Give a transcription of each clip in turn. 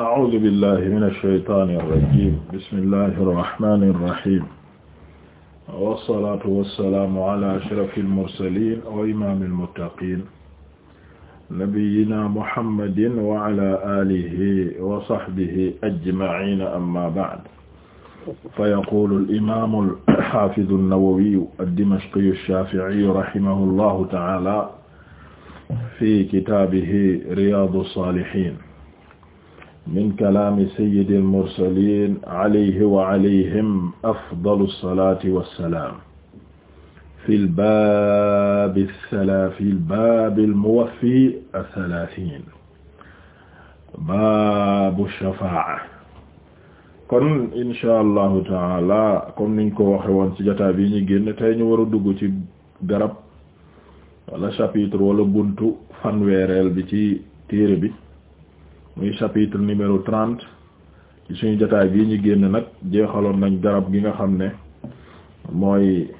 أعوذ بالله من الشيطان الرجيم بسم الله الرحمن الرحيم والصلاة والسلام على أشرف المرسلين وإمام المتقين نبينا محمد وعلى آله وصحبه أجمعين أما بعد فيقول الإمام الحافظ النووي الدمشقي الشافعي رحمه الله تعالى في كتابه رياض الصالحين min kalaami sayyidil mursaliin alayhi wa alayhim afdalu salaati wa salaam fil baabi salaa fil baabil muwaffi as-salaasiin baabu shafaa'a kon incha allahu taala comme niñ ko waxe woon ci jotaay bi ñu génn tey ñu war a dugg ci garab wala chapitre wala buntu fanweereel bi ci téere bi. muy chapitre numéro trente ci suñu jotaay bii ñu génn nag jeexaloon nañ garab gi nga xam ne mooy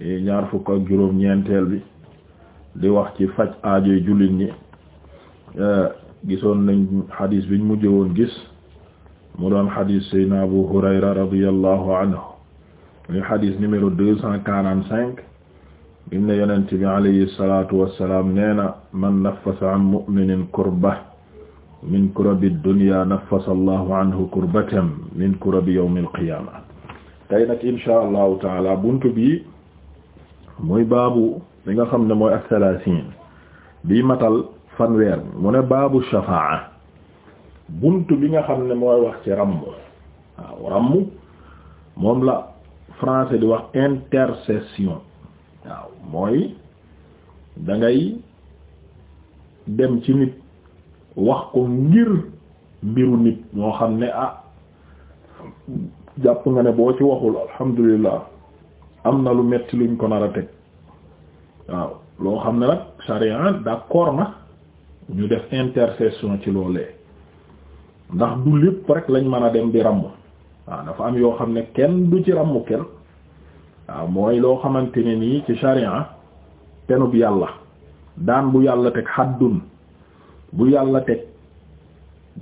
e, ñaar fukk ak juróom ñeenteel bi di wax ci faj aajoy jullit ñi e, gisoon nañ xadiis biñ mujj woon gis mu doon xadiis sayna Abu Hurayra radiyallahu anhu muy xadiis numéro deux cent quarante cinq im ne yonent bi alayhi salatu wassalam nee na man nafasa an mu'minin kurba min kurabi dunya nafasa allahu anhu kurbatan min kurabi yawmil qiyaama tey nag insha allahu taala bunt bi muy baabu li nga xam ne mooy as bi matal fanweer mu ne baabu shafaa bunt bi nga xam ne mooy wax ci ramm waaw ramm moom la français di wax intercession waaw mooy da dem ci nit wax ko ngir mbiru nit moo xam ne ah jàpp nga ne boo ci waxul alhamdulilah am na lu metti luñ ko nar a teg waaw loo xam ne nag charia d'accord na ñu def intercession ci loolee ndax du lépp rek lañ mën a dem di ràmm waaw dafa am yoo xam ne kenn du ci ràmm kenn waaw mooy loo xamante ne nii ci charia penub yàlla daan bu yàlla teg xaddun bu yàlla teg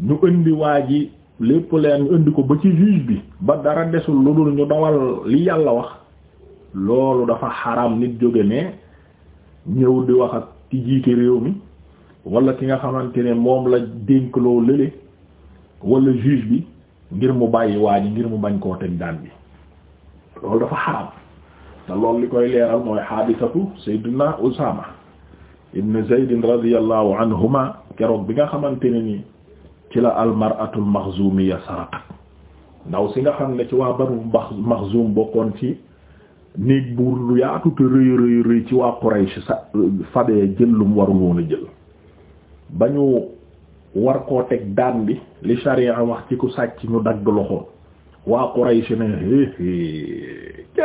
ñu indi waa ji lépp leen ñu indi ko ba ci juge bi ba dara desul lu dul ñu dawal li yàlla wax loolu dafa xaram nit jóge ne ñëw di wax ak ci jiite réew mi wala ki nga xamante ne moom la dénk loo lële wala juge bi ngir mu bàyyi waa ji ngir mu bañ koo teg daan bi loolu dafa xaram te loolu li koy leeral mooy xaadisatu Seydina Usaama ibn Zayd radiyallahu anhuma keroog bi nga xamante ne nii ci la almaratul maxzumiya saraqat ndaw si nga xam ne ci waa banu maxzum bokkoon ci néeg buur yaatu te rëy rëy rëy ci waa Quraysh sa fabee jël lum warul woon a jël ba ñu war koo teg daan bi li sharia wax ci ku sàcc ñu dagg loxo waa Quraysh ne hé hé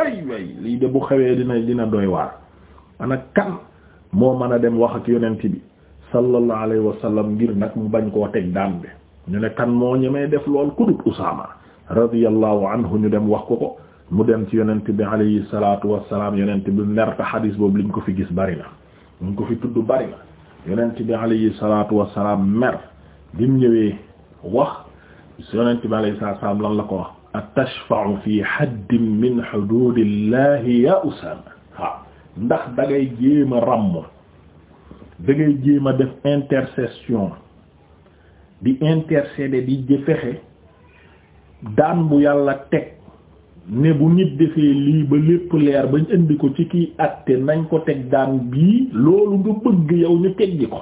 lii de bu xewee dina doy waar ana kan moo mën a dem waxak ak yonent bi sallallahu alayhi wa sallam ngir nag mu bañ koo teg daan bi ñu ne kan moo ñemee def lool kudut Usaama radiyallahu anhu ñu dem wax ko ko mu dem ci yonent bi alayhi salaatu wassalaam yonent bi mer ta xadiis boobu liñ ko fi gis bari na ko fi tudd bari na yonent bi alayhi salaatu wassalaam mer bim ñëwee wax yonent bi alayhi salaatu wassalaam lan la ko wax atashfa'u fi haddin min hududillahi ya Usaama waaw ndax da ngay jéem a ràmm da ngay def intercession di intercéder di fexe daan bu yàlla teg ne bu nit defee lii ba lépp leer bañ indi ko ci kiy àtte nañ ko teg daan bii loolu nga bëgg yow ñu teggi ko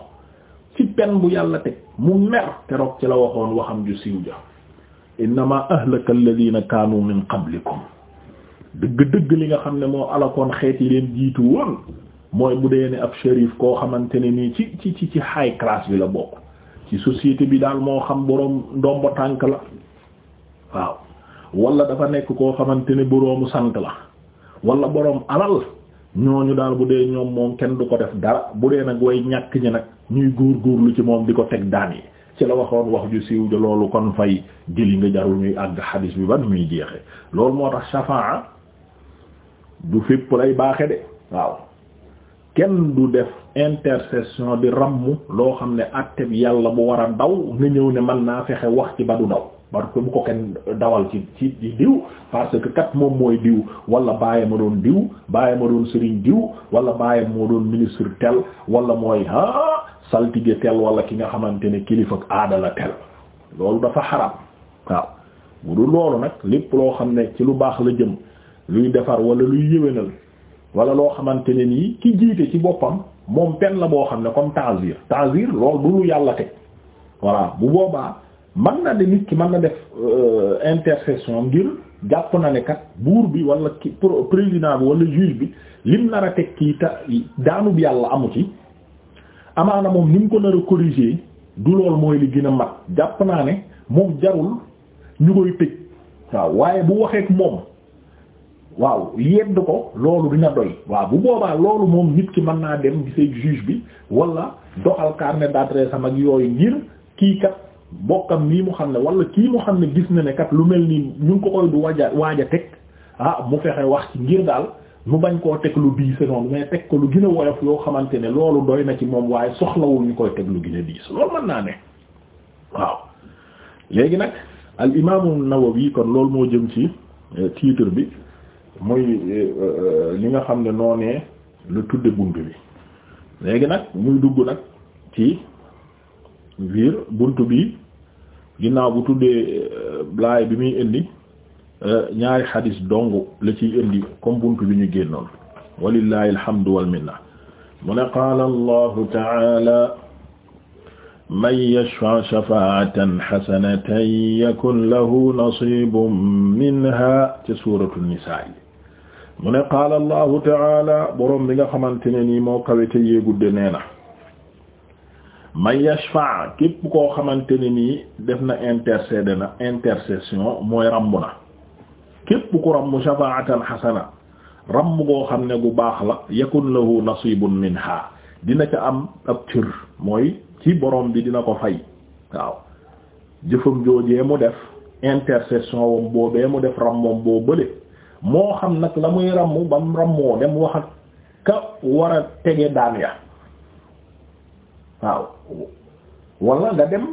ci pen bu yàlla teg mu mer keroog ci la waxoon waxam ju siiw ja innama ahlaka alladhina kanu min qablikum dëgg-dëgg li nga xam ne moo alakoon xeet yi leen jiitu woon mooy bu dee ne ab shérif koo xamante ne nii ci ci ci ci high class bi la bokk ci société bi daal moo xam boroom ndombo tànk la waaw wala dafa nekk koo xamante ne boroomu sant la wala boroom alal ñooñu daal bu dee ñoom moom kenn du ko def dara bu dee nag way ñàkk ñi nag ñuy góor lu ci moom di ko teg daan yi ci la waxoon wax ju siiw ja loolu kon fay jëli nga jarul ñuy àgg xadis bi ba nu jeexe loolu moo tax shafaa du fépp lay baaxe de waaw kenn du def intercession di ramm loo xam ne àtte bi yàlla bu war a daw nga ñëw ne man naa fexe wax ci ba du daw parce que bu ko kenn dawal ci ci ci diw parce que kat moom mooy diw wala bàyyi ma doon diw bàyyi ma doon sëriñ diw wala bàyyi moo doon ministre tel wala mooy ah saltige tel wala ki nga xamante ne kilifa aada la tel loolu dafa xaram waaw bu dul loolu nag lépp loo xam ne ci lu baax la jëm luy defar wala luy yéwénal wala loo xamante ne nii ki jiite ci boppam moom pen la boo xam ne comme ta'zir ta'zir lool du lu yàlla te voilà bu boobaa mën na de nit ki man na def euh, intercession ngir jàpp na ne kat buur bi wala ki président bi wala juge bi lim nar teg kii ta daanub yàlla amu ci amaana moom ni mu ko nar a corriger du lool mooy li gën a mat jàpp naa ne moom jarul ñu koy tëj waaw waaye bu waxeek moom waaw yedd ko loolu dina doy waaw bu boobaa loolu moom nit ki man naa dem gisee juge bi wala doxal carnet d'adresse am ak yooyu ngir kii kat bokkam nii mu xam ne wala kii mu xam ne gis na ne kat lu mel nii ñu ngi ko koy du waja waaja teg ah mu fexe wax ci ngir daal mu bañ koo teg lu diise noonu mais teg ko lu gën a woyof yoo xamante ne loolu doy na ci moom waaye soxlawul ñu koy teg lu gën a diis loolu mën naa ne waaw léegi nag al imaamu Nawawi kon loolu moo jëm ci euh, titre bi muy euh, euh, li nga xam ne noonee lu tudde bunt bi léegi nag muy dugg nag ci biir bunt bi ginnaaw bu tuddee blaay euh, bi muy indi ñaari xadis dong la ci indi comme bunt bi ñu génnoon walillahi alhamdu wal minna mu ne qaala allahu taala man yashfa shafaatan xasanatan yakun lahu nasibun minha ci suratu nisaa mu ne qaala allahu taala boroom bi nga xamante ne nii moo kawete yéegudde nee na man yashfa képp koo xamante ne nii def na intercéder na intercession mooy ramb na képp ku ramb shafaatan xasana ramb koo xam ne gu baax la yakun lahu nasibun minha dina ca am ab cër mooy ci borom bi dina ko fay waaw jëfam joojee mu def intercession wam boobee mu def rambam boo bële moo xam nag la muy ràmm ba mu ràmmoo dem wax ak ka war a tege daan ya waaw wala nga dem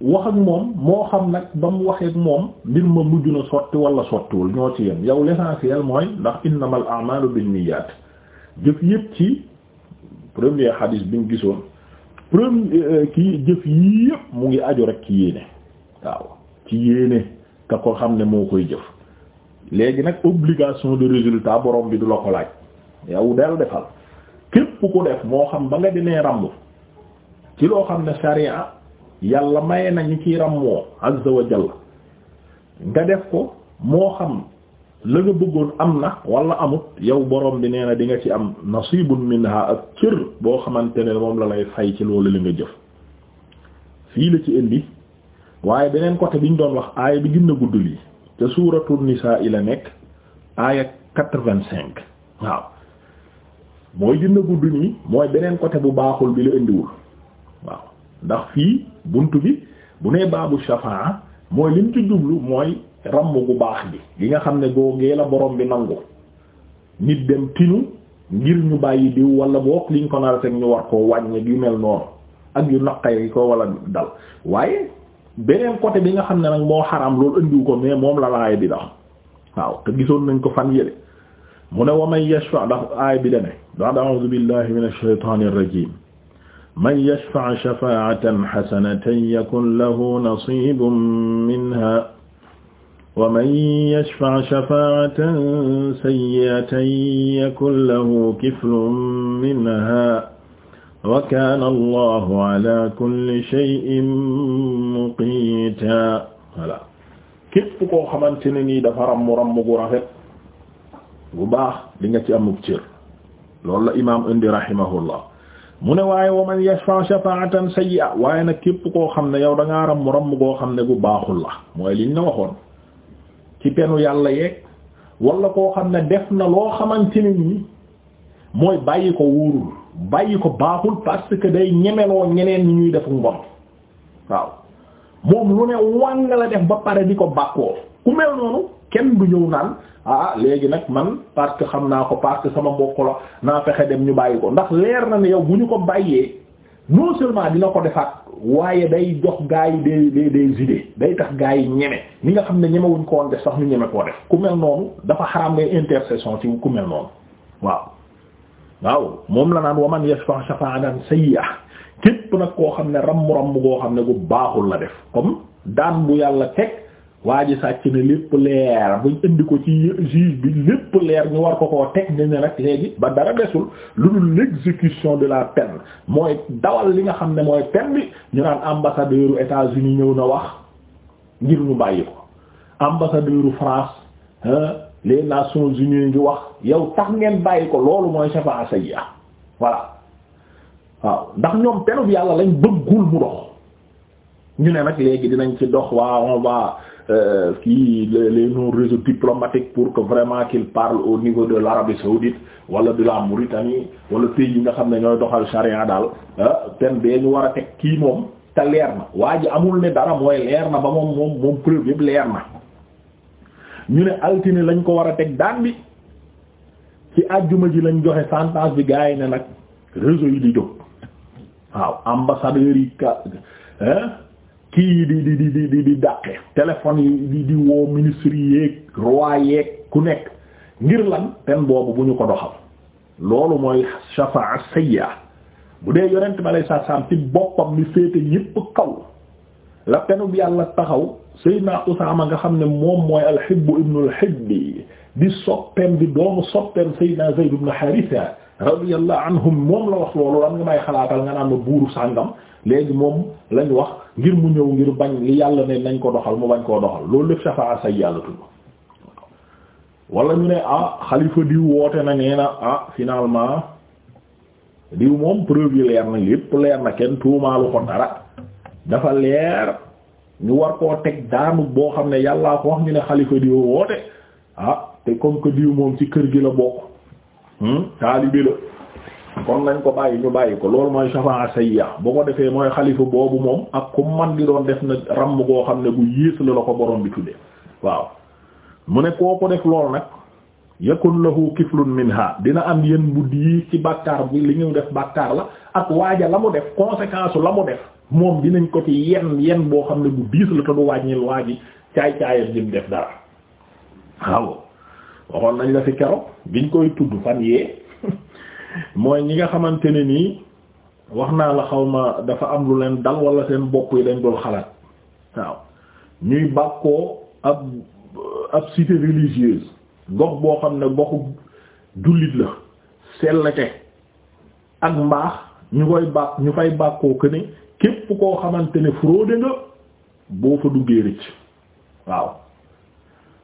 wax ak moom moo xam nag ba mu waxee ak moom mbir ma mujj na sotti wala sottiwul ñoo ci yem yow l'essentiel mooy ndax innamal a'malu binniyat jëf yépp ci premier hadith bi gisoon premier euh, kii jëf yépp mu ngi aju rek ci yéene waaw ci yéene ka ko xam ne moo koy jëf léegi nag obligation de résultat borom bi du la ko laaj yow del defal képp ku def moo xam ba nga dinee ràmb ci loo xam ne sharia yàlla maye nañu kii ràmmoo azza wa la nga def ko moo xam la nga bëggoon am na wala amut yow borom bi nee na di nga ci am nasibun minha ak cër boo xamante ne moom la lay fay ci loolu li nga jëf fii la ci indi waaye beneen côté ñu doon wax aaya bi gën a gudd lii te suuratu nisaa la nekk aaya quatre-vingt-cinq waaw mooy dina gudd nii mooy beneen côté bu baaxul bi la indiwul waaw ndax fii bunt bi bu nee baabu shafaa mooy lim ci jublu mooy ramm gu baax gi gi nga xam ne googee la borom bi nangu nit dem tinu ngir ñu bàyyi diw wala boog liñ ko nar a teg ñu war koo wàññi yu mel noonu ak yu naqay ko wala dal waaye beneen côté bi nga xam ne nag moo xaram loolu andiwu ko mais moom la laay bi dax waaw te gisoon nañ ko fan yële mu ne wa man yashfa ndax aay bi dane dax a'uuzu billahi minash shaytaanir rajiim man yashfa shafaatan xasanatan yakun lahu nasiibun minha wa man yashfa shafaatan sayyi'atan yakun lahu kiflun minha wa kaana allahu ala koo xamante ne nii dafa rammu ramm gu rafet bu baax di nga ci amuk cër loolu la imaam indi rahimahullah mu ne waaye wo man yashfa shafaatan sayyi'a waaye nag képp koo xam ne yow da ngaa ramm ramm goo xam ne gu baaxul la mooy liñ la waxoon ci penu yàlla yeeg wala koo xam ne na loo xamante ne mooy bàyyi ko wóorul bàyyi ko baaxul parce que day ñemeloo ñeneen ñu ñuy def ngom waaw moom lu ne wàng la def ba pare di ko bàkkoo ku mel noonu kenn du ñëw naan ah léegi nag man parce que xam naa ko parce que sama mbokk la naa fexe dem ñu bàyyi ko ndax leer na ne yow bu ñu ko bàyyee non seulement dina ko defaat waaye day jox gaa yi des des des idées day tax gaa yi ñeme ni nga xam ne ñemewuñ ko woon def sax ñu ñeme koo def ku mel noonu dafa xaraam ngay intercession ci ku waaw moom la naan waman yashfa shafa'atan a képp nag koo xam ne rammu ramm goo xam ne gu baaxul la def comme daan bu yàlla teg waa ji sàcc ne lépp leer buñ indi ko ci juge bi lépp leer ñu war ko koo teg ñu ne nag léegi ba dara desul lu dul l'exécution de la peine mooy dawal li nga xam ne mooy peine bi ñu naan ambassadeuru États-Unis ñëw na wax ngir ñu bàyyi ko ambassadeuru France les nations unies ngi wax yow tax ngeen bàyyi ko loolu mooy shafa'a sayyi'a voilà waaw ndax ñoom penub yàlla lañ bëggul mu dox ñu ne nag léegi dinañ ci dox waa on va euh, kii les nos réseaux diplomatiques pour que vraiment qu'il parle au niveau de l'Arabie saoudite wala de la Mauritanie wala pays yi nga xam ne ñooy doxal charia daal ten ah, bee ñu war a teg kii moom te leer na waa ji amul ne dara mooy leer na ba moom moom moom preuve yëpp leer na ñu ne altine lañ ko war a teg daan bi ci àjjuma ji lañ joxe sentence bi gars yi ne nag réseau yi di jóg waaw ambassadeurs yi ka kii yi di di di di di dàqe téléphone yi di di woo ministres yi roi yeeg ku nekk ngir lan ten boobu bu ñu ko doxal loolu mooy shafaa sayya bu dee yonent bi alay saat saam ci boppam ni féete ñépp kaw la penub yàlla taxaw Seydina Usaama nga xam ne moom mooy alhibbu ibnu alhibbi di soppeem di doomu soppeem Seydina Zayd ibnu Haarisa radiyallahu anhum moom la wax loolu lan nga may xalaatal nga naan ma buuru sàngam léegi moom lañu wax ngir mu ñëw ngir bañ li yàlla nañ ko doxal mu bañ koo doxal loolu lépp safaa say yàlla tudd wala ñu ne ah xalifa diw woote na nee na ah finalement diw moom preuve yi leer na lépp leer na kenn tuumaalu ko dara dafa leer ñu war koo teg daanu boo xam ne yàllaa ko wax ñu ne xalifa diw woote ah te comme que diw moom ci kër gi la bokk hmm? taalibe la kon nañ ko bàyyi ñu bàyyi ko loolu mooy shafaa sayya boo ko defee mooy xalifa boobu moom ak ku man di doon def na ràmm goo xam ne bu yées la la ko borom bi tuddee waaw mu ne koo ko def lool nag yakun lahu kiflun minha dina am yéen bu dii ci bàkkaar bi li ñu def bàkkaar la ak waaja la mu def conséquence la mu def moom dinañ ko ci yenn yenn boo xam ne bu diis la te du wàññil yi caay caayal jëm def dara waaw waxoon nañ la fi keroog biñ koy tudd fan yee mooy ñi nga xamante ne nii wax naa la xaw ma dafa am lu leen dal wala seen bopp yi dañ doon xalaat waaw ñuy bàkkoo ab ab cité religieuse gox boo xam ne goxu jullit la sellate ak mbaax ñu koy bàq ñu fay bàkkoo que ne képp koo xamante ne fraude nga boo fa duggee rëcc waaw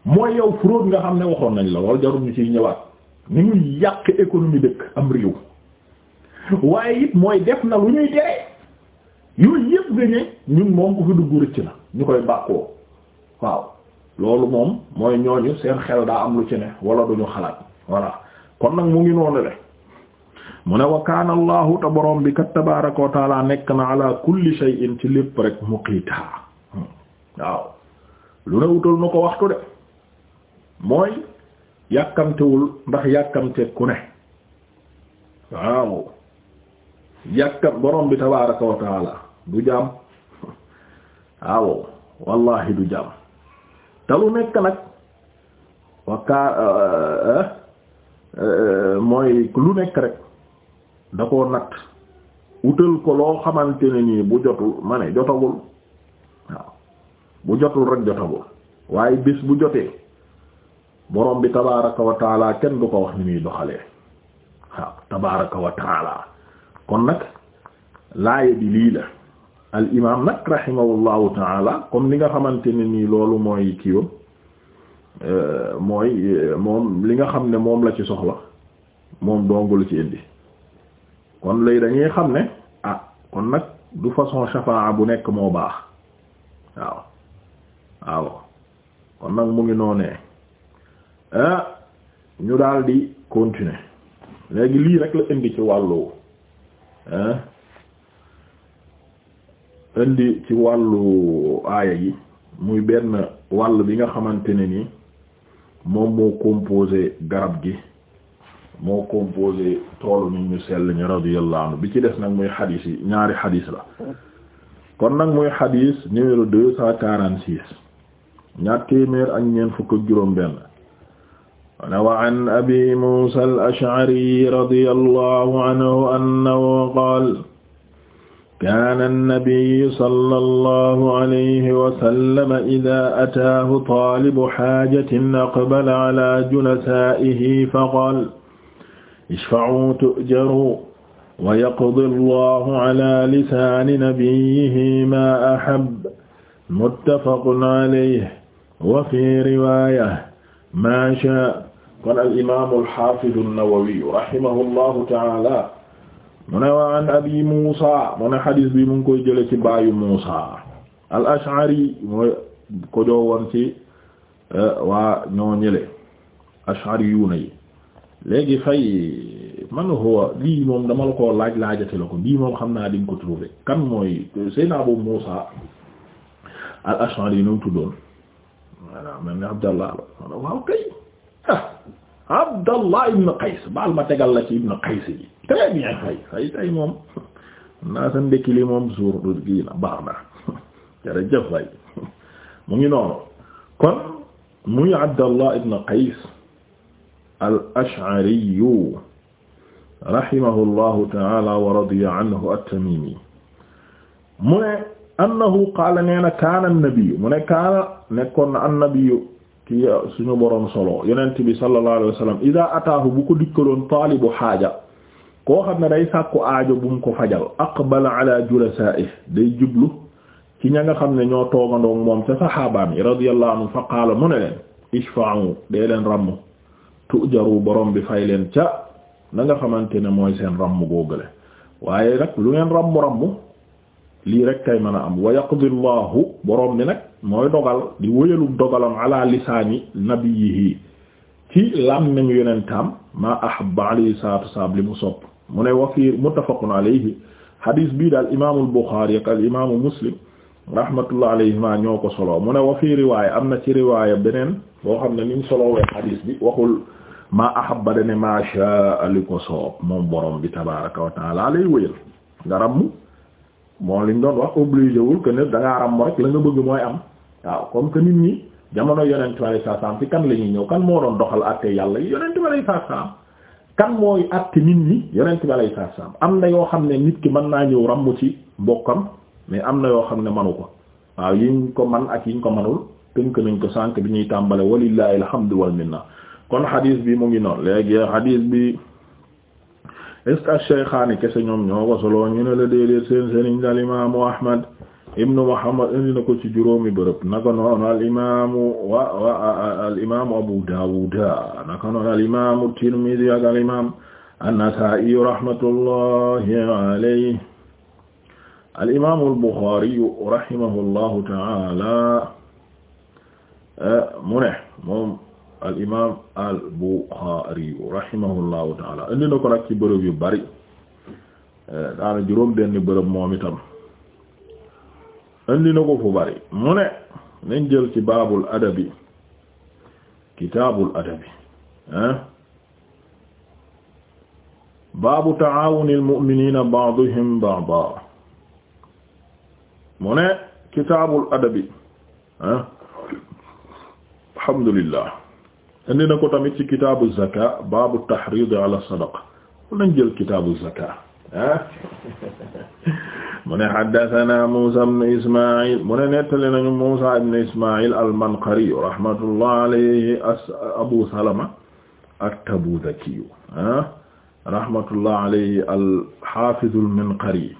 mooy yow fraude nga xam ne waxoon nañ la lool jarul ñu ciy ñëwaat ni muy yàq économie dëkk am réew waaye it mooy def na lu ñuy tere yooyu yëpp nga ñun moom ko fi dugg rëcc na ñu koy bàkkoo waaw loolu moom mooy ñooñu seen xel daa am lu ci ne wala duñu xalaat voilà kon nag mu ngi noonu le mu ne wa kaana allahu te borom bi kat tabaraka wa taala nekk na ala kulli shay'in ci lépp rek muqiita waaw lu ne wutal nu ko waxtu de mooy yàkkamtewul ndax yàkkamte ku ne waaw yàkkam borom bi tabaraka wa taala du jaam waaw wallahi du jaam te lu nekk nag wakkaar eh, eh, eh, mooy lu nekk rek da koo natt utal ko loo xamante nii bu jotul ma jotagul waaw bu jotul rek jotagul waaye bis bu jotee borom bi tabaaraka wa kenn du ko wax ni muy doxalee waaw tabaaraka wa kon nag laaya bi lii la al imaam nag rahimahullahu taala comme li nga xamante ne nii loolu mooy kiiwam euh, mooy euh, moom li nga xam ne moom la ci soxla moom dongul ci indi kon léegi dañuy xam ne ah kon nag du façon shafaa bu nekk moo baax waaw waaw kon nag mu ngi noonee ah ñu dal di continuer léegi lii rek la indi ci wàllu ah, indi ci wàllu aaya yi muy benn wàll bi nga xamante ne ni moom moo composé garab gi moo composé toolu nit ñu sell ñu radiyallahu anhu bi ci des nag muy xadiis yi ñaari xadiis la kon nag muy xadiis numéro deux cent quarante six ñaar téeméer ak ñeent fukk ak juróom benn wane an abi muusa al ash'ari radiyallahu anhu annahu qaala kaana annabiyu sallallahu alayhi wa sallam idaa ataahu taalibu xaajatin aqbala alaa julasaa'ihi faqaala ishfa'uu tu'jaruu wa yaqdii Allahu alaa lisaani nabiyyihi maa ahabba muttafaqun alayhi wa fii riwaaya maa shaa'a qaala al-imaamu al-haafidu an-Nawawi rahimahu Allahu ta'aala mu ne wa an abi Muusa mu ne xadiis bi mu koy jële ci baayu Muusa al ashari mooy ko joo woon ci e, waa ñoo ñële ashari yu na yi léegi fay man huwa lii moom dama la ko laaj laajate la ko bii moom xam naa dinga ko trouver kan mooy Seydina Abu Muusa al ashari yi nu mu tuddoon voilà Abdallah la waaw kay ah, Abdallah ibn Qays baal ma tegal la ci ibn Qays ji très bien fay fay tay moom naa sa ndekki li moom suur du gii la baax na jërëjëf fay mu ngi noonu kon muy Abdallah ibn Qays al-Ash'ari rahimahullahu ta'ala wa radiya anhu at-Tamimi mu ne annahu qaala nee na kaana an-nabiyyu mu ne kaana nekkoon na an-nabiyyu ki uh, suñu borom solo yonent bi sallallahu alayhi wa sallam ida ataahu bu ko dikkaloon taalibu xaaja koo xam ne day sàkku aajo bu mu ko fajal aqbala ala julasa'ih day jublu ki ña nga xam ne ñoo toogandoo moom ca saxaabaam yi radiyallahu anhu fa qaala mu ne leen ishfa'u dee leen ràmm tujaru borom bi fay leen ca na nga xamante ne mooy seen ràmm googale waaye nag lu ngeen ràmm ràmm lii rek kay mën a am wa yaqdi llahu boroom bi nag mooy dogal di wëyalu dogalam ala lisaani nabiyihi ci làmmiñu yonentam maa ahabba alayhi salaatu wasalaam li mu sopp mu ne wa fii muttafaqun alayhi hadis bii daal imaamul Buxaari ak al imaamu Muslim rahmatullah ma ñoo ko solo mu ne wa fii riwaaya am na ci riwaaya beneen boo xam ne ni mu solowee hadis bi waxul maa ahabba dane maa shaa li ko soob moom borom bi tabaaraka wa taala lay wëyal ngaram moo liñ doon wax obligé wul que ne da rek la nga bëgg mooy am waaw comme que nit ñi jamono yonent bi saa saam ci kan la ñuy ñëw kan moo doon doxal àtte yàlla yi yonent bi a saam kan mooy àtte nit ñi yonent bi saa saam am na yoo xam ne nit ki man naa ñëw ràmm ci mbokkam mais am na yoo xam ne manu ko waaw ñu ko man ak yiñ ko manul tënk nañ ko sànk bi ñuy tàmbale walillahi alhamdu wal minna kon xadiis bi mu ngi noonu léegi est-ce que ash-shaykhaani kese ñoom ñoo ko solo ñu ne la déedéet seen sëriñ al imaamu Ahmad ibnu Muhammad indi na ko ci juróomi bërëb naka noonu al imaamu wa wa al imaamu Abu Daawud naka noonu al imaamu Tirmidhi ak al imaam an-Nasaa'i rahmatullahi alayhi al imaamu al-Bukhaari rahimahullahu ta'ala eh, mu ne moom al imaam al Buxaari rahimahullahu taala indi na ko nag bërëb yu bari eh, daana juróom benn bërëb moom itam indi fu bari mu ne jël ci baabul adabi kitaabul adabi ah baabu taawunil mu'miniina ba'duhum ba'dan mu ne alhamdulillah indi na ko tamit ci kitaabu zaka baabu tahrid ala sadaqa nañ jël kitaabu zaka ah mu ne haddathana Musa ibn Isma'il mu ne nettali nañu Musa ibn Isma'il al-Manqari rahmatullah alayhi Abu Salama at-Tabudhaki ah rahmatullah alayhi al-Hafiz al-Minqari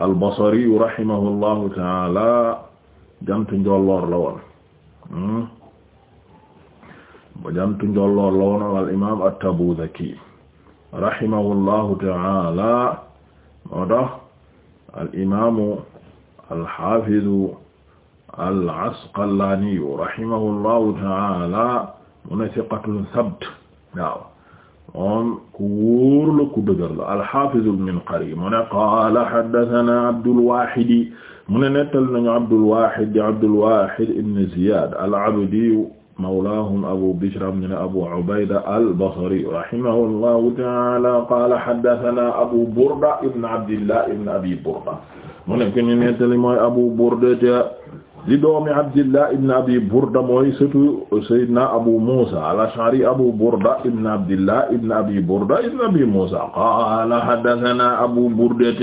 al-Basri rahimahullahu ta'ala jant njolloor la woon hmm? bu jantu njolloor la woon al imaam at-Tabuzaki rahimahullahu ta'ala moo tax al imaamu al haafizu al Asqalaani rahimahullahu ta'ala mu ne siqatun sabt waaw moom ku wóor la ku dëgër la al haafiz al-Minqari mu ne qaala haddathanaa Abdul Waahid mu ne nettal nañu Abdul Waahid Abdul Waahid ibn Ziyaad al-Abdi mawlaahum abu bishr am na abu ubayda al-basri rahimahullahu ta'ala qaala haddathanaa abu burda ibn abdillah ibn abi burda mu nekk ñu nettali mooy abu burda di doomi abdillah ibn abi burda mooy surtout sayyidina abu muusa al-ash'ari abu burda ibn abdillah ibn abi burda ibn abi muusa qaala haddathanaa abu burda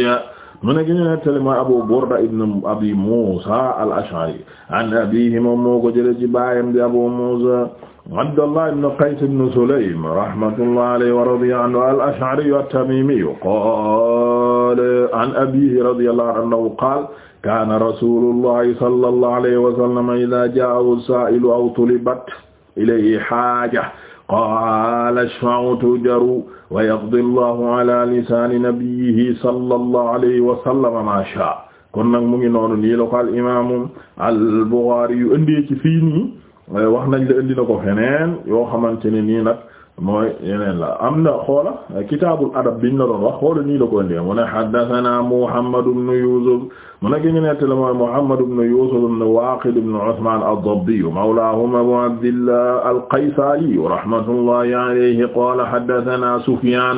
mu ne gi ñu nettali mooy Abu Burda ibn Abi Musa al-Ash'ari an abihi moom moo ko jële ci baayam di Abu Musa Abdullah ibn Qays ibn Sulaym rahmatullah alayhi wa radiya anhu al-Ash'ari at-Tamimi qala an abihi radiyallahu anhu qala kana rasulullahi sallallahu alayhi wa sallam idha ja'ahu as-sa'ilu aw tulibat ilayhi haja qaala ashfa'u tujaru wa yaqdi allahu ala lisaani nabiyihi sallallahu alayhi wa sallam ma shaa kon nag mu ngi noonu nii la ko al imaamu al Buxaari yu indi ci fii nii wax nañ la indi na ko feneen yoo xamante ne nii nag mooy yeneen la am na xoola kitaabul adab biñ la doon wax xoola nii la ko ndee mu ne haddathana Muhammad ibn Yusuf mu ne ki ñu nettali mooy Muhammad ibn Yusuf ibn Waaqid ibn Usmaan ad-Dabbi mawlaahum Abu Abdillah al-Qaysaali rahmatullahi alayhi qaala haddathana Sufyaan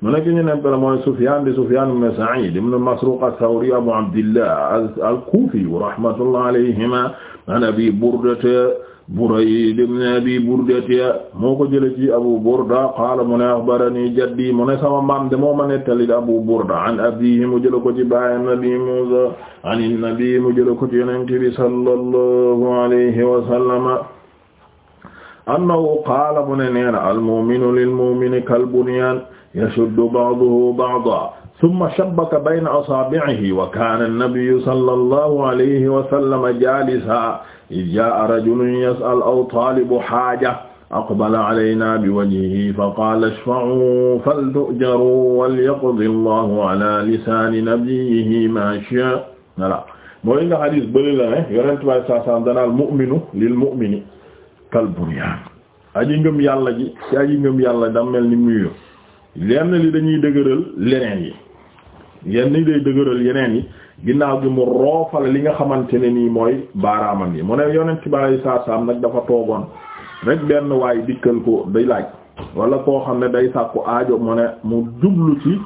mu ne ki ñu nettali mooy Sufyaan di Sufyaan ibn Sa'iid ibn Masruuq ath-Thawri Abu Abdillah al-Kuufi rahmatullahi alayhimaa an Abii Burdata Burayd ibn Abi Burda moo ko jëlee ci Abu Burda qaala mu ne axbarani jaddi mu ne sama maam de moo ma nettali Abu Burda an abiihi mu jëlee ko ci baayam Nabi Muusaa an nabi mu jëlee ko ci Yonent bi sallallahu alayhi wa sallama annahu qaala mu ne nee na al mu'minu lil mu'mini kal bunyaan yashuddu ba'duhu ba'dan summa shabbaka bayna asaabi'ihi wa kaana an-nabiyyu sallallahu alayhi wa sallam jaalisan idh jaa'a rajulun yas'alu aw taalibu haaja aqbala alaynaa biwajhihi faqaala ishfa'uu faltu'jaruu walyaqdi Allahu alaa lisaani nabiyyihi maa shaa'a. voilà mooy nga hadiis bëri la ne Yonent bi saa saa danal mu'minu lil mu'mini kal bunyaan. aji ngëm yàlla ji ci aji ngëm yàlla da mel ni mur lenn li dañuy dëgëral leneen yi. yenn yi day dëgëral yeneen yi ginnaaw gi mu roofale li nga xamante ne nii mooy baaraamam yi mu ne yonent bi saa saam nag dafa toogoon rek benn waay dikkal ko day laaj walla koo xam ne day sàkku aajo mu ne mu jublu ci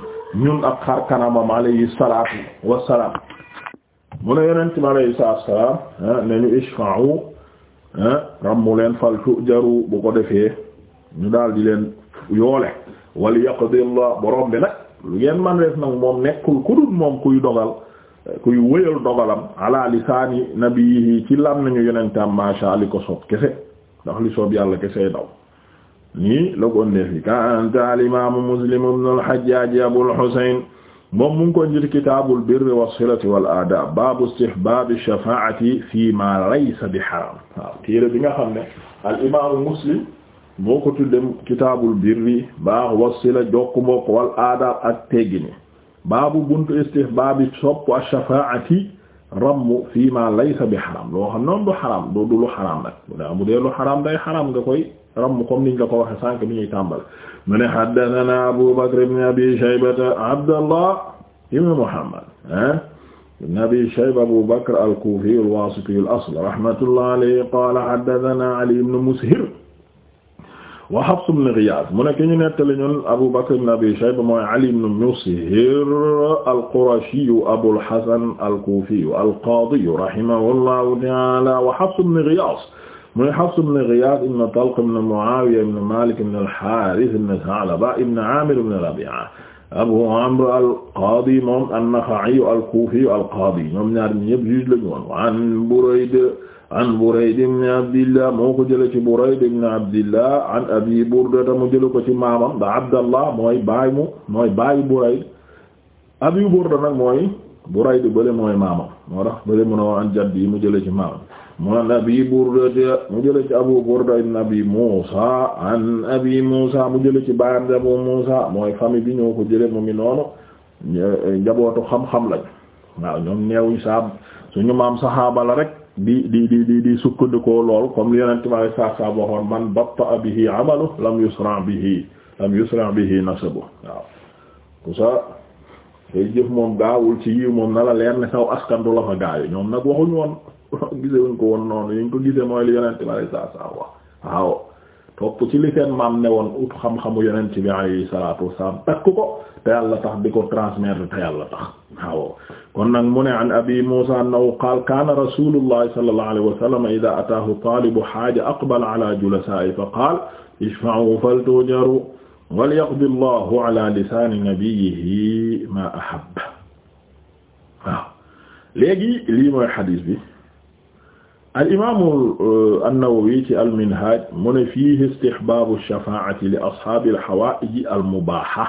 ñun ak xar kanamam alayhi salaatu wassalaam mu ne yonent bi alayhi salaatu wassalaam ah, ne ñu ishfa'u ah, rammu leen fal jaru bu ko defee ñu daal leen yoole wal yaqdi Allah borom bi nag lu ngeen man def nag moom nekkul ku dul moom kuy dogal kuy wëyal dogalam ala lisaani nabiyihi ci lam nañu yonentam masha li ko soob kese ndax li soob yàlla kese daw nii la ko ndeef yi kanta alimaamu muslim ibn al-hajjaj abul moom mu ko njël kitaabul birri wassilati wal adab baabu istihbaabi shafaati fi ma laysa bi haram waaw téere bi nga xam ne al muslim boo ko tuddem kitaabul birri baax wasila jokk mbokk wal aadaab ak teggini baabu buntu istihbaabi sopp ash-shafaa'ati ramm fii ma laysa bi xaram loo xam noonu du xaram du lu xaram nag mu ne bu dee lu xaram day xaram nga koy ramm comme niñ la ko waxe sànq mi ñuy tàmbale mu ne haddathana abu bakr ibn abi shaybata abdallah ibn muhammad ah, abu bakr al-kufi al-wasiti al-asl rahmatullah alayhi qala haddathana ali ibn mushir wa Hafs ibn Ghiyath mu ne ki ñu nettali ñun Abu Bakr ibn Abi Shayba mooy Ali ibn Mushir al-Qurashi Abul Hasan al-Kufi al-Qadi rahimahullahu ta'ala wa Hafs ibn Ghiyath muy Hafs ibn Ghiyath ibn Talq ibn Muawiya ibn Malik ibn al-Harith ibn Tha'laba ibn Amir ibn Rabi'a Abu Amr al-Qadi moom an-Nakha'i al-Kufi al-Qadi ñoom ñaar ñëpp juge lañu woon an Burayd ibn Abdillah moo ko jëlee ci Burayd ibn Abdillah an Abi Burda mu jëlee ko ci maamam da Abdallah mooy baay mu mooy baayu Burayd Abi Burda nag mooy Burayd bële mooy maamam moo tax bële mu ne woon an jaddi mu jëlee ci maamam mu an Abi mu jëlee ci Abu Burda ibn Abi Muusa an Abi Muusa mu jëlee ci baayam Abu Muusa mooy famille bi ñoo ko jëlee mu ngi noonu njabootu xam-xam lañ waaw ñoom neewuñ saab suñu maam saxaaba la rek. di di di di di sukkandikoo lool comme li yonente mi alei saatu salaam waxoon man batta bihi amalu lam bi bihi lam yusra bihi nasabu waaw ku sa tay jëf moom gaawul ci yiw moom na la leer ne saw askan du la fa gaayu ñoom nag waxuñ woon gisewuñ ko woon noonu ñu ko gisee mooy li yonente mi alei saatu salaam wax waaw topp ci li seen maam ne woon ut xam-xamu yonent bi alayhi salaatu wasalaam takk ko te yàlla tax di ko transmettre te yàlla tax waaw kon nag mu ne an abi Muusa annahu qaal kaana rasuulullahi sallallahu alayhi wa sallam idaa ataahu taalibu haaja aqbala ala julasaa'i fa qaal ishfa'u faltujaru walyaqdi allahu ala lisaani nabiyyihi maa ahabba waaw léegi lii mooy xadiis bi al imaamu euh, an-Nawawi ci al-Minhaj mu ne fiihi istihbaabu shafaa'ati li ashaabil hawaa'ij al-mubaaha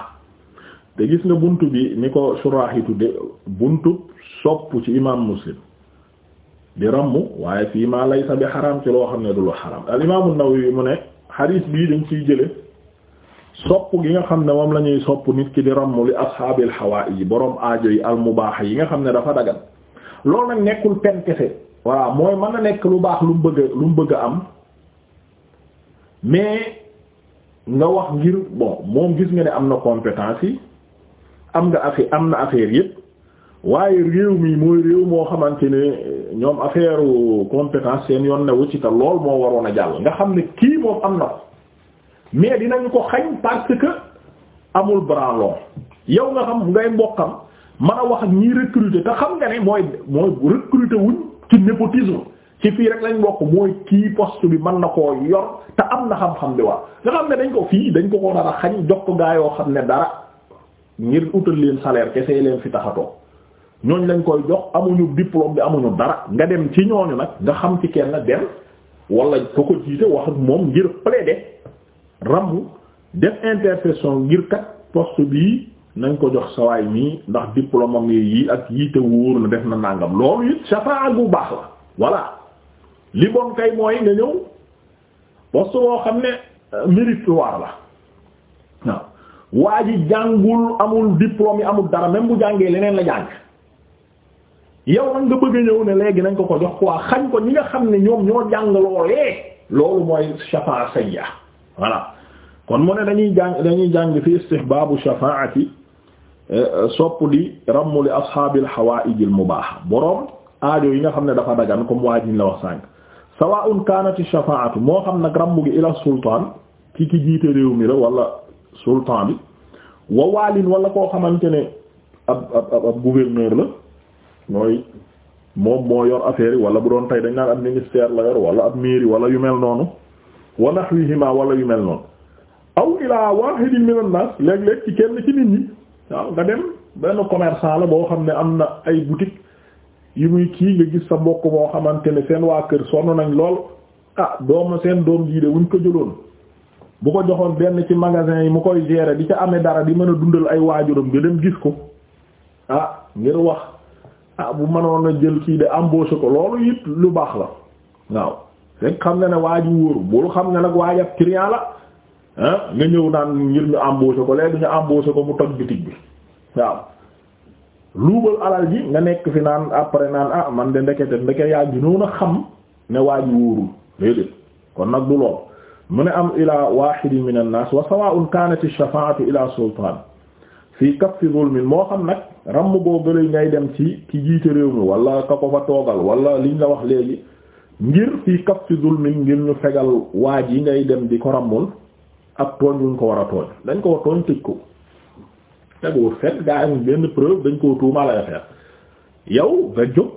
te gis nga buntu bi ni ko suraax yi tudde buntu sopp ci imaam Muslim di ramm waaye fii ma laysa bi xaraam ci loo xam ne du lu xaraam al imaamu an-Nawawi mu ne xadiis bii dañ ciy jële sopp gi nga xam ne moom la ñuy sopp nit ki di ramm li ashaabil hawaa'ij boroom aajo yi al-mubaaha yi nga xam ne dafa dagan loolu nag nekkul pen voilà mooy man na nekk lu baax lu mu bëgg lu bëgg am mais nga wax ngir bon moom gis nga ne am na compétence yi am nga affaire am na affaire yépp waaye réew mi mooy réew moo xamante ne ñoom affaire compétence seen yoon newu ci te lool moo waroon a jàll nga xam ne kii moom am na ko mais dinañu ko xañ parce que amul branlon yow nga xam ngay mbokkam mën a wax ak ñiy recruter te xam nga ne mooy mooy recruter wuñ ci népotisme ci fii rek lañ bokk mooy kii poste bi man na koo yor te am na xam-xam bi waa nga xam ne dañ ko fii dañ ko koo dara xañ jox ko gaa yoo xam ne dara ngir wutal leen salaire kese leen fi taxatoo ñooñ lañ koy jox amuñu diplôme bi amuñu dara nga dem ci ñooñu nag nga xam ci kenn dem wala ko ko jiite wax ak moom ngir plaider ramu def intercession ngir kat poste bii nañ ko jox sawaay mii ndax diplôme am yi ak yii te wóor na def na nàngam loolu it safaa bu baax la voilà li bon kay mooy nga ñëw poste boo xam ne euh, méritoire la waaw waa ji jàngul amul diplôme yi amul dara même bu jàngee leneen la jàng yow nag nga bëgg ñëw ne léegi nañ ko ko jox quoi xañ ko ñi nga xam ne ñoom ñoo jàng loolee loolu mooy shafaa ya voilà kon mu ne dañuy jàng dañuy jàng fi istihbaabu shafaati Eh, sopp di ramm li ashaabil hawaa'ijil mubaaha boroom aajo yi nga xam ne dafa dagan comme waa jiñ la wax sànq sawaa'un kaanati shafaa'atu moo xam nag ramm gi ila sultaan ki ki jiite réew mi la wala sultaan bi wa waalin wala koo xamante ne ab ab ab la mooy moom moo yor affaire yi wala bu doon tey dañ naan ab ministère la yor wala ab mairie wala yu mel noonu wa nahwihima wala yu mel noonu aw ilaa waahidin minan naas léeg-léeg ci kenn ci nit ñi waaw nga dem benn commercant la boo xam ne am na ay boutique yi muy kii nga gis sa mbokk moo xamante ne seen waa kër sonn nañ lool ah doom seen doom jii de wuñ ko jëloon bu ko joxoon benn ci magasin yi mu koy gérer di ca amee dara di mën a dundal ay waajuram nga dem gis ko ah ngir wax ah bu mënoon a jël kii de embaucher ko loolu it lu baax la waaw fekk xam ne ne waaju wóoru bul xam ne nag waaj ab la Ah nga ñëw naan ngir ñu embaucher ko léegi ñu embaucher ko mu toj bitig bi waaw luubal alal ji nga nekk fi naan après naan ah man de ndekete ndeke yaa ngi noon a xam ne waa ji wóorul kon nag du lool mu ne am ila wahidin min an nas wa sawa'un kanat ash-shafa'atu ila sultan fii kaffi zulmin moo xam nag ramm boo gëlay ngay dem ci ci jiite réew mi wala ka ko fa toogal wala liñ la wax léegi ngir fii kaffi zulmin ngir ñu fegal waaj yi ngay dem di ko rammul ak tooñ buñ ko war a tooñ dañ ko war tooñ tëj ko teguwul fenn gaa amul benn preuve dañ koo tuuma lay yow nga jóg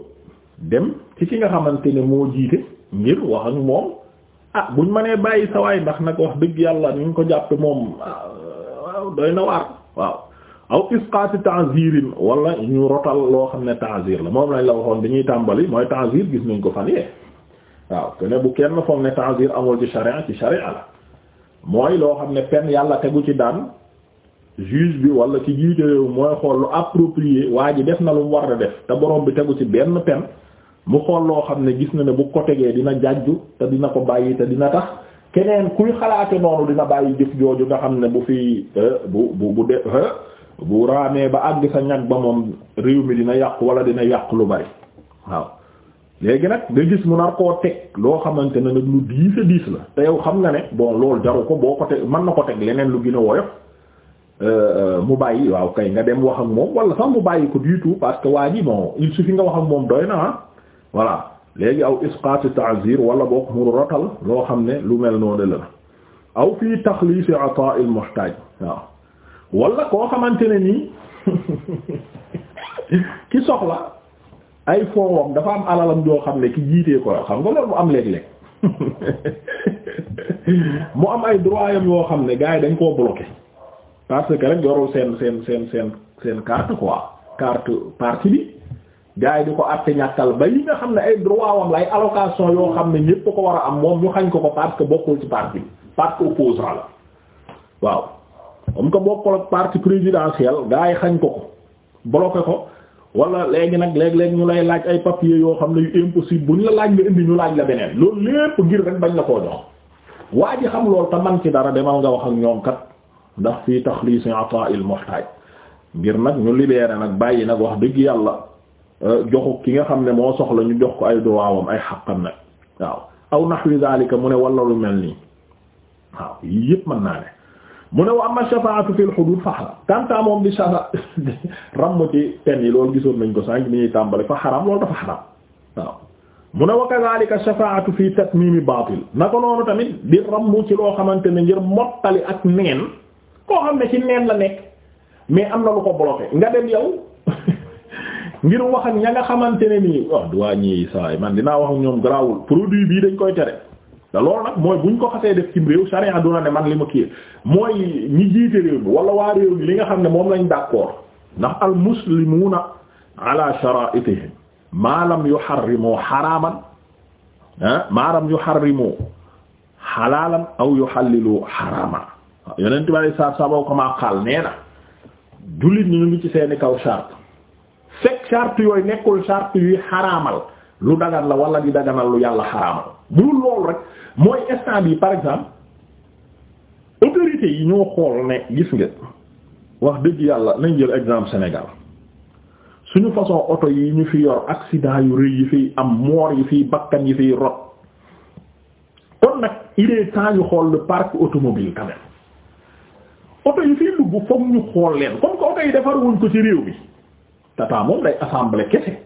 dem ci ki nga xamante ne moo jiite ngir wax ak moom ah buñ mënee bàyyi sa waay ndax nag wax dëgg yàlla ni ñu ko jàpp moom ah, doy na waar waaw aw isqaati ta'zirin wala ñu rotal loo xam ne ta'zir la moom lañ la waxoon dañuy tàmbali mooy ta'zir gis nañ ko fan yee waaw te ne bu kenn foog ne ta'zir amul ci sharia ci sharia la mooy loo xam ne pen yàlla tegu ci daan juge bi wala ci jiite réew mooy xool lu approprié waa ji def na lu mu war a def te borom bi tegu ci benn pen mu xool loo xam ne gis na ne bu ko tegee dina jàjju te dina ko bàyyi te dina tax keneen kuy xalaate noonu dina bàyyi jëf jooju nga xam ne bu fi eh, bu bu bu de eh, bu raamee ba àgg sa ñag ba moom réew mi dina yàq wala dina yàq lu bari waaw léegi nag nga gis mu nar koo teg loo xamante ne nag lu diis a diis la te yow xam nga ne bon loolu jaru ko boo ko teg mën na ko teg leneen lu gën a woyof euh, euh, mu bàyyi waaw kay nga dem wax ak moom wala sax mu bàyyi ko du tout parce que waa ji bon il suffit nga wax ak moom doy na ah voilà léegi aw isqat ta'zir wala boog mu rotal loo xam ne lu mel noonu la aw fii taxliis ata al muhtaaj waaw wala koo xamante ne nii ki soxla ay foowam dafa am alalam yoo xam ne ki jiitee ko xam nga loolu mu am léeg-léeg mu am ay droit yam yoo xam ne gars yi dañ koo bloqué parce que rek yorul seen seen seen seen seen carte quoi carte parti bi gars yi di ko àtte ñàkkal ba yi nga xam ne ay droit wam la ay allocation yoo xam ne ñépp ko war a am moom ñu xañ ko ko parce que bokkul ci parti bi parti opposant la waaw comme que bokkul ak parti présidentiel gars yi xañ ko ko bloqué ko wala léegi nag léeg-léeg ñu lay laaj ay papier yoo xam ne yu impossible bu ñu la laaj nga indi ñu laaj la beneen loolu lépp ngir rek bañ la koo jox waa ji xam loolu te man ci dara demal nga wax ak ñoom kat ndax fii taxliis ata'il muhtaaj ngir nag ñu libéré nag bàyyi nag wax dëgg yàlla euh, joxu ki nga xam ne moo soxla ñu jox ko ay duwaawam ay xaqam nag waaw aw nahwi zalika mu ne wala lu mel nii waaw yii yëpp mën naa ne mu ne wa amma shafaatu fil xuduud fa xaram kanta moom di shafa ramm ci pen yi loolu gisoon nañ ko sànq ni ñuy tàmbali fa xaram loolu dafa xaram waaw mu ne wa kadhalika shafaatu fi tatmimi baatil na ko noonu tamit di ramm ci loo xamante ne ngir mottali ak neen koo xam ne ci neen la nekk mais am na lu ko bloqué nga dem yow ngir wax ak ña nga xamante ne nii waaw duwaa ñi saay man dinaa wax ak ñoom produit bii dañ koy tere te loolu nag mooy bu ñu ko xasee def cim réew du duna ne man li ma kii mooy ñi jiite réew mi wala waa réew mi li nga xam ne moom lañ d'accord ndax al muslimuuna ala sharaitihim maalam yuharrimu xaraaman ah maalam yuharrimu xalaalan aw yuhallilu xaraaman yonent bi saa saboo ko maa xaal nee na jullit ñu ci seeni kaw charte fekk charte yooyu nekkul charte yuy xaraamal lu dagan la wala di daganal lu yàlla xaraamal bu loolu rek mooy instant bi par exemple autorités yi ñoo xool ne gis nga wax dëgg yàlla nañ jël exemple Sénégal suñu façon oto yi ñu fi yor accident yu rëy yi fiy am moor yi fiy bakkan yi fiy rot kon nag il est yu xool le parc automobile quand même oto yi fiy dugg foog ñu xool leen comme que oto yi defaruñ ko ci réew mi tata moom day assemblée kese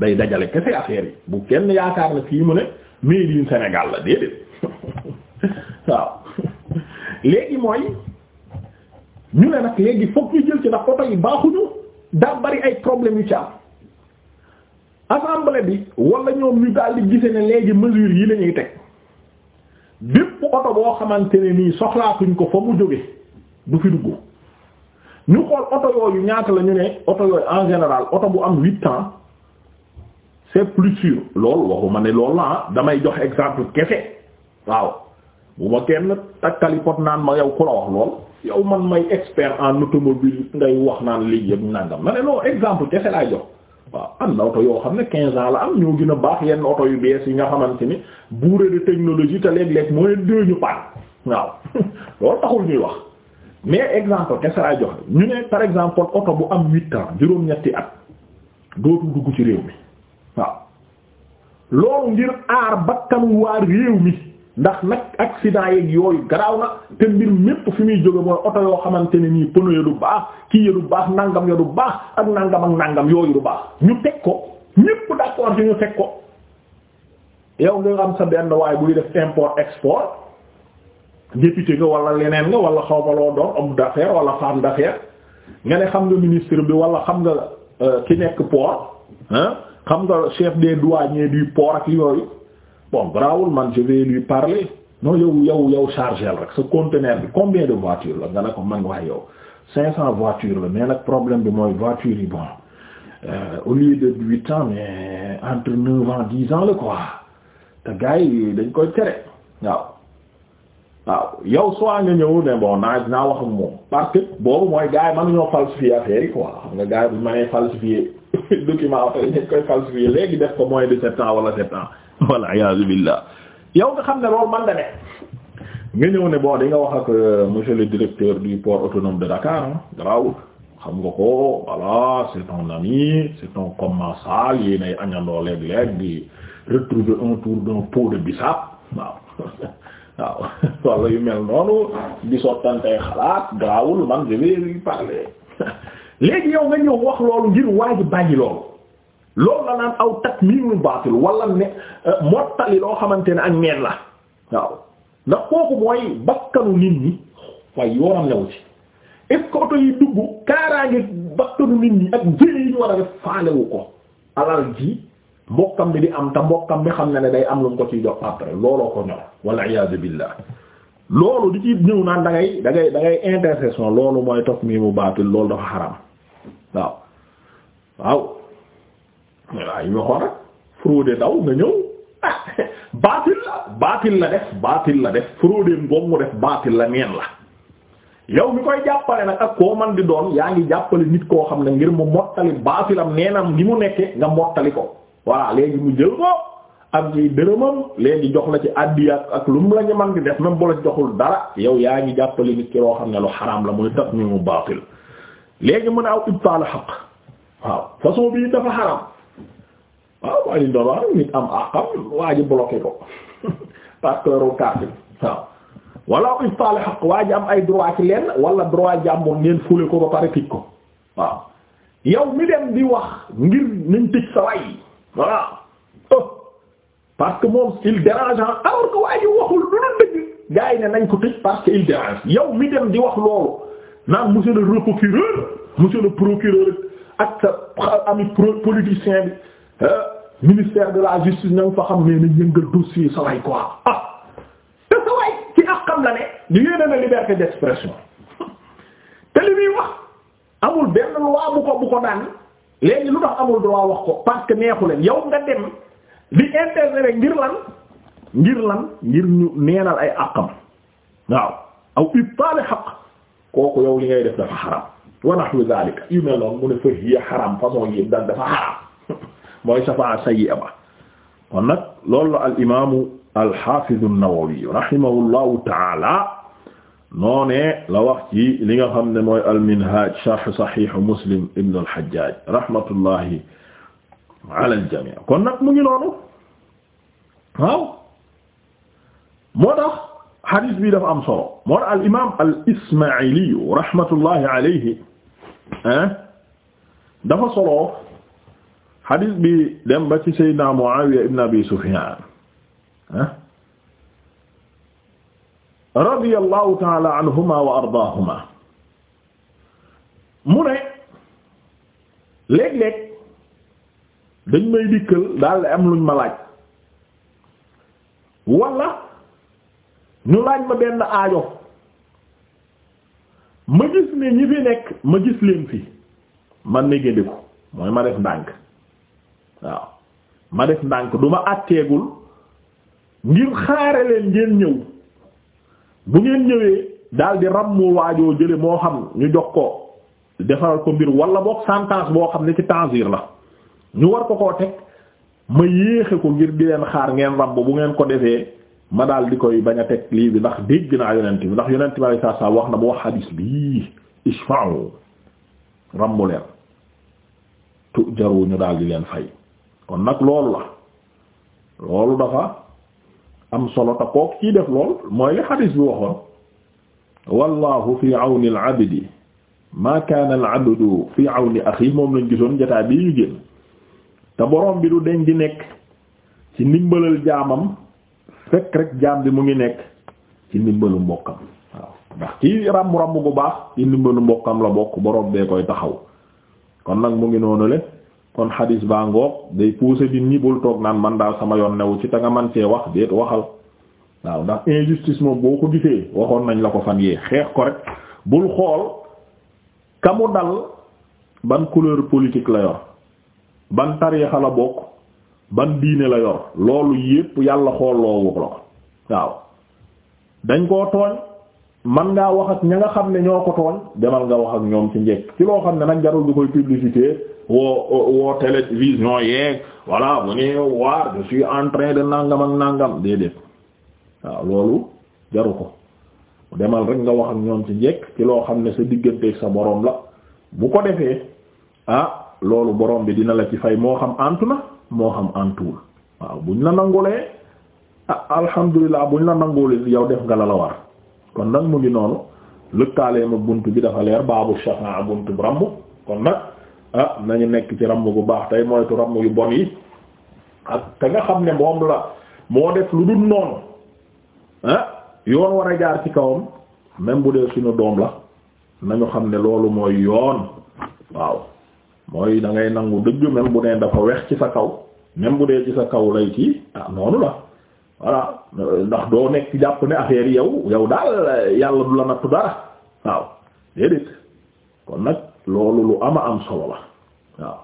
day dajale kese affaire yi bu kenn yaakaar ne fii mu ne made Sénégal la déedéet waaw léegi mooy ñu ne nag léegi fokk ñu jël ci ndax oto yi baaxuñu daa bari ay problème yu ci am assemblée bi wala ñoom ñu daal di gise ne léegi mesure yi la ñuy teg bépp oto boo xamante ne nii soxlaatuñ ko fa mu jóge du fi dugg ñu xool oto yooyu ñaata la ñu ne oto yooyu en général oto bu am huit ans c'est plus sûr loolu waxuma ne loolu la ah, damay jox exemple kese waaw bu ma kenn takkali pot naan ma yow ku la wax lool yow man may expert en automobile ngay wax naan lii yëpp nangam ma ne non exemple kese laay jox waaw am na oto yoo xam ne quinze ans la am ñoo gën a baax yenn oto yu bees yi nga xamante ni bourré de technologie te léeg-léeg mooy deux ñu paan waaw loolu taxul ñuy wax mais exemple kese laay joxe ñu ne par exemple oto bu am huit ans juróom-ñetti at dootul dugg ci réew mi waaw loolu ngir aar bakkanu waa réew mi. ndax nag accident yeeg yooyu garaaw na te mbir mépp fi muy jóge mooy oto yoo xamante ne nii pneu ya du baax kii ya du baax nangam ya du baax ak nangam ak nangam yooyu du baax ñu teg ko ñépp d'accord ñu teg ko yow nga xam sa benn waaye buy def import export député nga wala leneen nga wala xaw ma loo doon homme d'affaires wala femme d'affaires nga ne xam nga ministre bi wala xam nga euh, ki nekk port ah xam nga chef des douaniers du port ak yooyu. bon grawul man je vais lui parler non yow yow yow rek sa conteneur bi combien de voitures la nga ne ko man waaye yow cinq cent voitures la mais nag problème bi mooy voitures yi bon euh, au lieu de huit ans mais entre neuf dix ans la quoi te gars yi dañ koy tere waaw waaw yow soit nga ñëw ne bon naa naa wax ak moom parce que boobu mooy gars yi mënuñoo falsifier affaire yi quoi xam nga gars yi bu ñu falsifier document affaire yi dañ koy falsifier léegi def ko moins de sept ans walla iyaazu billaah yow nga xam ne loolu man la nga ñëw ne bon di nga wax ak euh, monsieur le directeur du port autonome de Dakar garaawul xam nga ko voilà c'est ton ami c'est ton commensal yéen ay añandoo léeg-léeg di retrouver un tour d'un pot de bissap waaw waaw yu mel noonu di sottantey xalaat garaawul man je vais parler léegi yow nga ñëw wax loolu ngir waa ji bàyyi loolu loolu la naan aw takmiinul baatil wala ne euh, mottali loo xamante ne ak neen la waaw ndax kooku mooy bakkanu nit ñi waaye yoonam newu ci est-ce que oto yi dugg bakkanu nit ñi ak jëli yi faalewu ko alal ji mbokkam bi di am te mbokkam bi xam na ne day am lu mu ko ciy jox après looloo ko ñor walla iyaazu billaah loolu di ci ñëw naan da ngay da ngay da ngay intercession loolu mooy takmiinul baatil loolu dafa xaram waaw waaw waa yi waxoon rek fraude daw nga ñëw ah baatil la baatil la def baatil la def fraude ngoom mu def baatil la neen la yow mi koy jàppale nag ak koo man di doon yaa ngi jàppale nit koo xam ne ngir mu mottali baatilam neenam gi mu nekke nga mottali ko voilà léegi mu jël ko am léegi jox la ci àddi ak ak lu mu la ñu man def même bu joxul dara yow yaa ngi jàppale nit loo xam ne lu xaraam la muy tax mi mu baatil léegi mën a aw ibtaal xaq waaw façon bii dafa xaraam waaw waa ji bloqué ko parce que yorul carte bi waaw wala xaq waa ji am ay droit ci lenn wala droit jàmbur ngeen fule ko ba pare tëj ko waaw yow mi dem di wax ngir nañ tëj sa waay voilà oh. parce que moom il dérange alors que waa yow mi dem di ak sa ami politicien bi. Euh, ministère de la justice ña nga fa xam ne nañ yëngal dossier sa way quoi ah te sa way ci ak la ne ñu yéene na liberté d'expression te li muy wax amul benn loi bu ko bu ko daan léegi lu tax amul droit wax ko parce que neexu leen yow nga dem di intervenir ngir lan ngir lan ngir ñu neenal ay àqam waaw aw ibtaal xaq kooku yow li ngay def dafa xaram wa yu ne noonu mu ne fa hiya xaram façon yi daal dafa xaram mooy safaa sayyi'a ba kon nag loolu la al imaamu alxafidu an la wax ci li nga xam mooy al-Minhaj sharh Sahih Muslim ibn al-Hajjaj rahmatullahi ala al-jami' kon nag mu ngi noonu waaw moo tax xadiis bi dafa am solo moo al imaam al Ismaaili rahmatullahi alayhi dafa solo xadis bi dem ba ci Seydina Muawiya ibn Abi Sufyan ah radiyallahu anhuma wa ardaahuma mu ne léeg-léeg dañ may dikkal daal am luñ ma laaj wala ñu laaj ma benn aajo ma gis ne ñi fi nekk ma gis leen fi man ne géndeku mooy ma def ndànk waaw ma def ndànk du ma àtteegul ngir xaare leen ngeen ñëw bu ngeen ñëwee daal di ràmmul waajoo jële moo xam ñu jox ko defaral ko mbir walla boog sentence boo xam ne ci tanzir la ñu war ko koo teg ma yéexe ko ngir di leen xaar ngeen ràmb bu ngeen ko defee ma dal di koy bañ a teg lii bi ndax dégg naa yonent bi ndax yonent bi alayhi salaam wax na bu wax xadiis bii ishfa'u ràmbu leen tu jaru ñu daal di leen fay kon nag loolu la loolu dafa am solo te kook ciy def lool mooy li xadis bi waxoon wallahu fi awni al ma kaana al abdu fi awni axi moom lañ gisoon jotaay bii ñu génn te borom bi du deñ di nekk ci ndimbalal jaamam fekk rek jaam bi mu ngi nekk ci ndimbalu mbokkam waaw ndax kii ràmm ràmm gu baax ci ndimbalu mbokkam la bokk borom bee koy taxaw kon nag mu ngi noonu le kon xadis baa ngoog day pousser nit ñi bul toog naan man daal sama yoon newu ci te nga man cee wax déet waxal waaw ndax injustice moom boo ko gisee waxoon nañ la ko fan yee xeex ko rek bul xool ka mu dal ban couleur politik la yor ban tariixa la bokk ban diine la yor loolu yépp yàlla xool loo la ko waaw dañ koo tooñ man ngaa wax ak ña nga xam ne ñoo ko tooñ demal nga wax ak ñoom ci njekk ci loo xam ne nag jarul du koy publicité woo woo télévision yeeg voilà mu ne waar je suis en train de nangam ak nangam déedéet waaw loolu jaru ko demal rek nga wax ak ñoom ci njekk ci loo xam ne sa digganteeg sa boroom la bu ko defee ah loolu boroom bi dina la ci fay moo xam ant na moo xam antuwul waaw buñ la nangulee ah alhamdulilah buñ la nangulee yow def nga la la war kon nag mu ngi noonu lëkkaalee ma bunt bi dafa leer baabu shafaa bunt bu ramb kon nag ah nañu nekk ci ramb bu baax tey moytu ramb yu bon yi ak te nga xam ne moom la moo def lu dul noonu ah yoon war a jaar ci kawam même bu dee suñu doom la nañu xam ne loolu mooy yoon waaw mooy dangay nangu dëgg même bu nee dafa wex ci sa kaw même bu dee ci sa kaw lay kii ah noonu la voilà ndax doo nekk ci jàpp ne affaire yi yow yow daal yàlla du la nattu dara waaw déedéet kon nag loolu lu ama am solo la waaw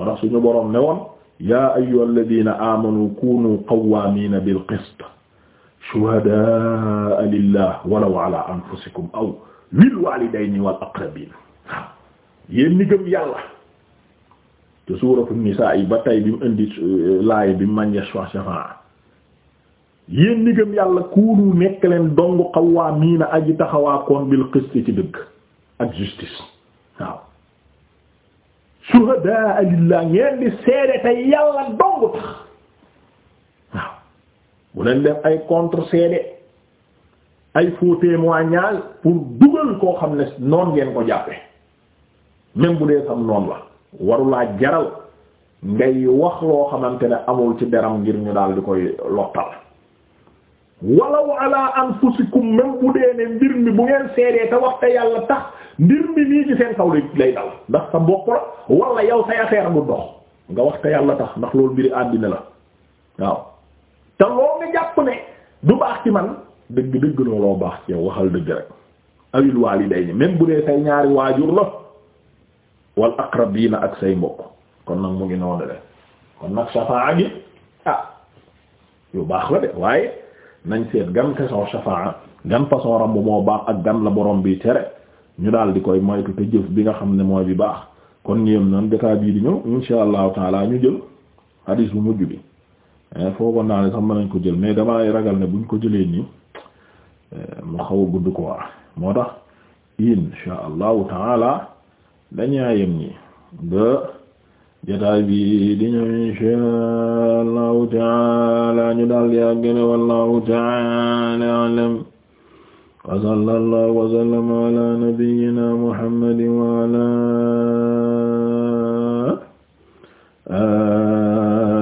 moo tax suñu boroom ne woon yaa ayyuhal ladina amanu kunu qawwamina bil qist shuhadaa lillah walaw ala anfusikum aw lil walidayni wal aqrabin waaw yéen ñi gëm yàlla te suuratu nisaa yi ba tey bi mu indi laay bi mu màññee shafaa yéen ñi gëm yàlla kuunu nekk leen dong qawwaamiina aji taxawaakoon bil qist ci dëgg ak justice waaw shuhadaa lillah ngeen di seede te yàlla dong tax waaw bu leen def ay contre seede ay faux témoignage pour dugal koo xam ne noon ngeen ko jàppe même bu dee sam noon la warulaa jaral ngay wax loo xamante ne amul ci deram ngir ñu daal di koy lottal walaw ala anfusikum même bu dee ne mbir mi bu ngeen seedee te wax te yàlla tax mbir mi nii ci seen kaw lay dal ndax sa mbokk la wala yow say affaire bu dox nga wax te yàlla tax ndax loolu mbiri àddina la waaw te loo nga jàpp ne du baax ci man dëgg dëgg looloo baax ci yow waxal dëgg rek awil waalidayni même bu dee say ñaari waajur la wal aqrabiina ak say mbokk kon nag mu ngi noonu de kon nag safaa gi ah yu baax la de waaye nañ seet gan façon shafaa gan façon ramb moo baax ak gan la borom bii tere ñu daal di koy moytu te jëf bi nga xam ne mooy bi baax kon ñiyem noon jotaay bii di ñëw insha allahu taala ñu jël hadis bu mujj bi eh, foogoon naa ne sax mën nañ ko jël mais damay ragal ne buñ ko jëlee nii eh, mu xaw a gudd ko waa moo tax insha allahu taala dañaa yem ñi jotaay bi di ñëw insha allahu taala ñu daal di àggale wallahu taala alam wa sallallahu wa sallama ala nabiyyina muhammadin wa ala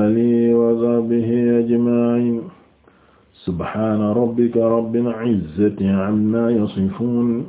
alihi wa sahbihi ajma'in subhana rabbika rabbil izzati amma yasifun